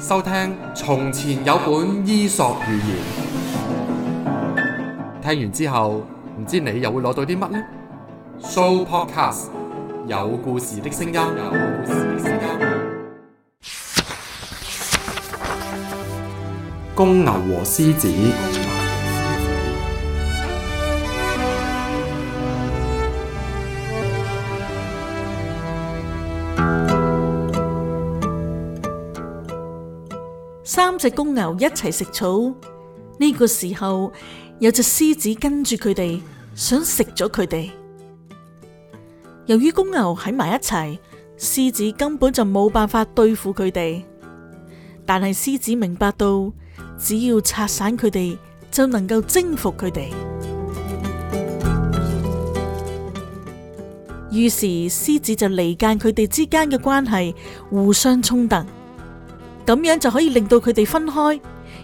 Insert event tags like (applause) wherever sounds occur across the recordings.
收聽從前有本伊索寓言，聽完之後唔知你又會攞到啲乜呢？Sooopodcast 有故事的聲音，有故事的聲音，公牛和獅子。隻公牛一齊食草，呢個時候有隻獅子跟住佢哋，想食咗佢哋。由於公牛喺埋一齊，獅子根本就冇辦法對付佢哋。但係獅子明白到，只要拆散佢哋，就能夠征服佢哋。於是獅子就離間佢哋之間嘅關係，互相衝突。咁樣就可以令到佢哋分開，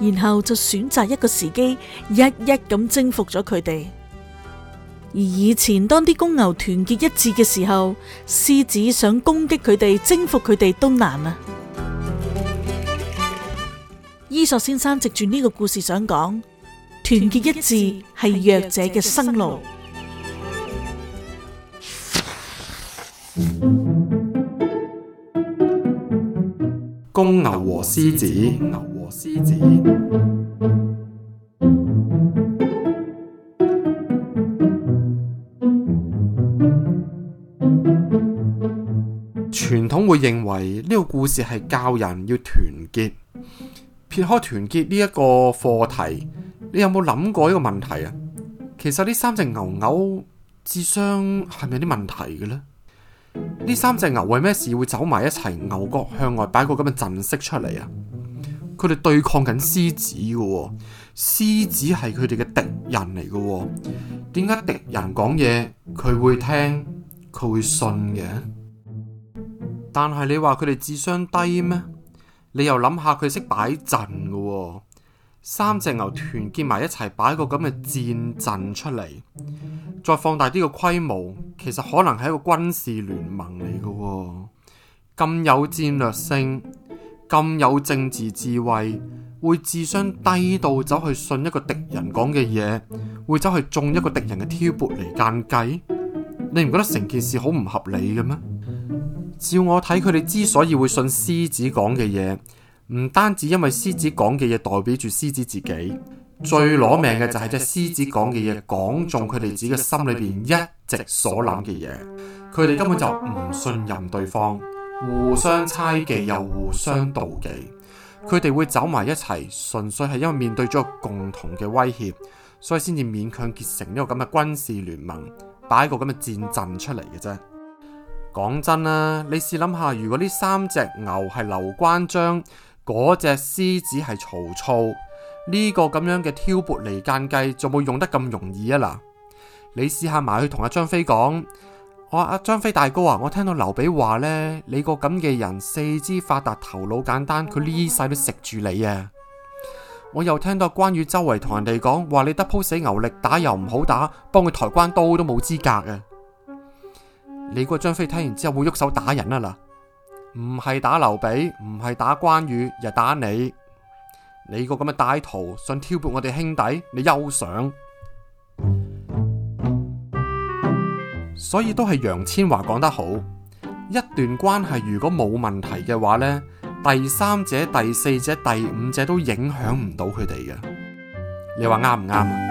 然後就選擇一個時機，一一咁征服咗佢哋。而以前當啲公牛團結一致嘅時候，獅子想攻擊佢哋、征服佢哋都難啊！伊索先生藉住呢個故事想講：團結一致係弱者嘅生路。公牛和獅子，子，牛和獅子，傳統會認為呢個故事係教人要團結。撇開團結呢一個課題，你有冇諗過呢個問題啊？其實呢三隻牛牛智商係咪有啲問題嘅咧？呢三隻牛為咩事會走埋一齊？牛角向外擺個咁嘅陣式出嚟啊！佢哋對抗緊獅子嘅，獅子係佢哋嘅敵人嚟嘅。點解敵人講嘢，佢會聽，佢會信嘅？但係你話佢哋智商低咩？你又諗下佢識擺陣嘅喎？三隻牛團結埋一齊擺個咁嘅戰陣出嚟。再放大啲個規模，其實可能係一個軍事聯盟嚟嘅，咁有戰略性，咁有政治智慧，會智商低到走去信一個敵人講嘅嘢，會走去中一個敵人嘅挑撥離間計，你唔覺得成件事好唔合理嘅咩？照我睇，佢哋之所以會信獅子講嘅嘢，唔單止因為獅子講嘅嘢代表住獅子自己。最攞命嘅就係隻獅子講嘅嘢，講中佢哋自己嘅心裏邊一直所諗嘅嘢。佢哋根本就唔信任對方，互相猜忌又互相妒忌。佢哋會走埋一齊，純粹係因為面對咗共同嘅威脅，所以先至勉強結成呢個咁嘅軍事聯盟，擺個咁嘅戰陣出嚟嘅啫。講真啦，你試諗下，如果呢三隻牛係劉關張，嗰隻獅子係曹操。呢個咁樣嘅挑撥離間計，仲會用得咁容易啊！嗱，你試下埋去同阿張飛講，我話阿張飛大哥啊，我聽到劉備話呢，你個咁嘅人四肢發達頭腦簡單，佢呢世都食住你啊！我又聽到關羽周圍同人哋講話，你得鋪死牛力打又唔好打，幫佢抬關刀都冇資格啊！你嗰個張飛聽完之後會喐手打人啊！嗱，唔係打劉備，唔係打關羽，又打你。你個咁嘅歹徒想挑撥我哋兄弟，你休想。所以都係楊千嬅講得好，一段關係如果冇問題嘅話呢，第三者、第四者、第五者都影響唔到佢哋嘅。你話啱唔啱啊？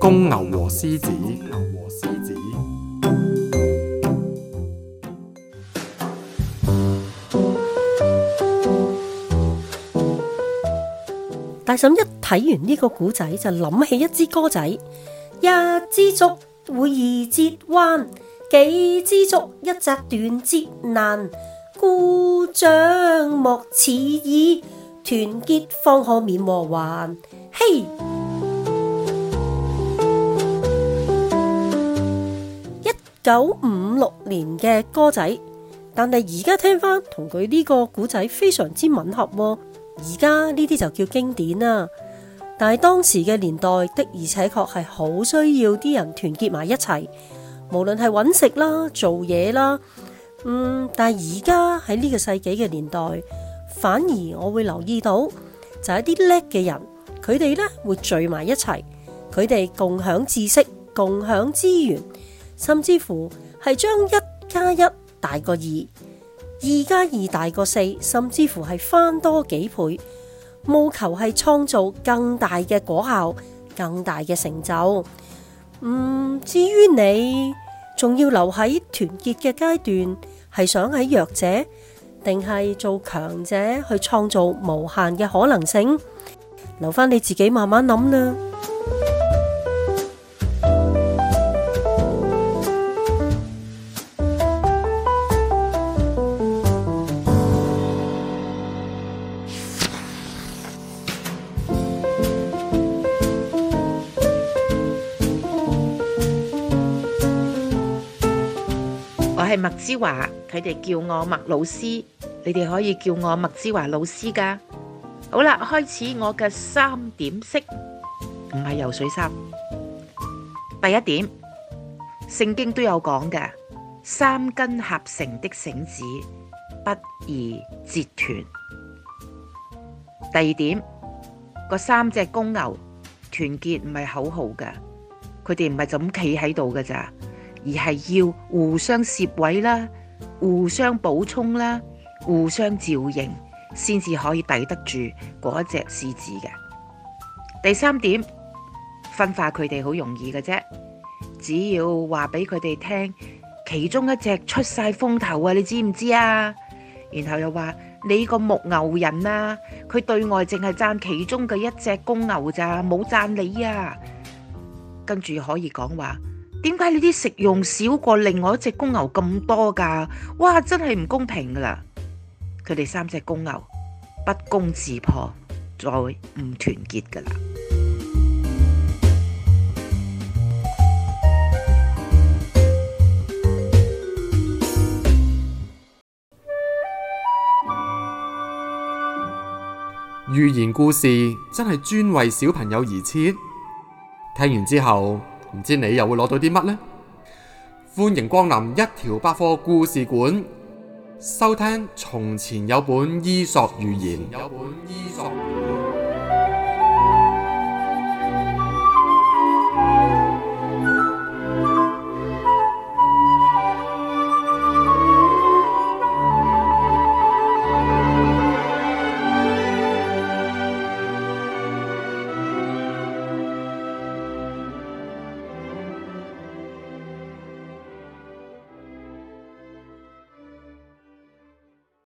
公牛和獅子。大嬸一睇完呢個古仔，就諗起一支歌仔：一枝竹會易折彎，幾枝竹一紮斷節難。故將莫此意，團結方可免禍患。嘿、hey!， (music) 一九五六年嘅歌仔，但係而家聽翻同佢呢個古仔非常之吻合喎、哦。而家呢啲就叫經典啦，但係當時嘅年代的而且確係好需要啲人團結埋一齊，無論係揾食啦、做嘢啦，嗯，但係而家喺呢個世紀嘅年代，反而我會留意到就係啲叻嘅人，佢哋呢會聚埋一齊，佢哋共享知識、共享資源，甚至乎係將一加一大過二。二加二大過四，甚至乎係翻多幾倍，務求係創造更大嘅果效、更大嘅成就。嗯，至於你仲要留喺團結嘅階段，係想喺弱者定係做強者去創造無限嘅可能性？留翻你自己慢慢諗啦。麥之華，佢哋叫我麥老師，你哋可以叫我麥之華老師噶。好啦，開始我嘅三點式，唔係游水衫。第一點，聖經都有講嘅，三根合成的繩子不宜折斷。第二點，嗰三隻公牛團結唔係口號噶，佢哋唔係就咁企喺度噶咋。而係要互相攝位啦，互相補充啦，互相照應，先至可以抵得住嗰一隻獅子嘅。第三點，分化佢哋好容易嘅啫，只要話俾佢哋聽，其中一隻出晒風頭啊，你知唔知啊？然後又話你個木牛人啊，佢對外淨係贊其中嘅一隻公牛咋，冇贊你啊。跟住可以講話。點解呢啲食用少過另外一隻公牛咁多噶？哇，真係唔公平噶啦！佢哋三隻公牛不攻自破，再唔團結噶啦！寓言故事真係專為小朋友而設，聽完之後。唔知你又會攞到啲乜呢？歡迎光臨一條百貨故事館，收聽從前有本伊索寓言。有本伊索寓言。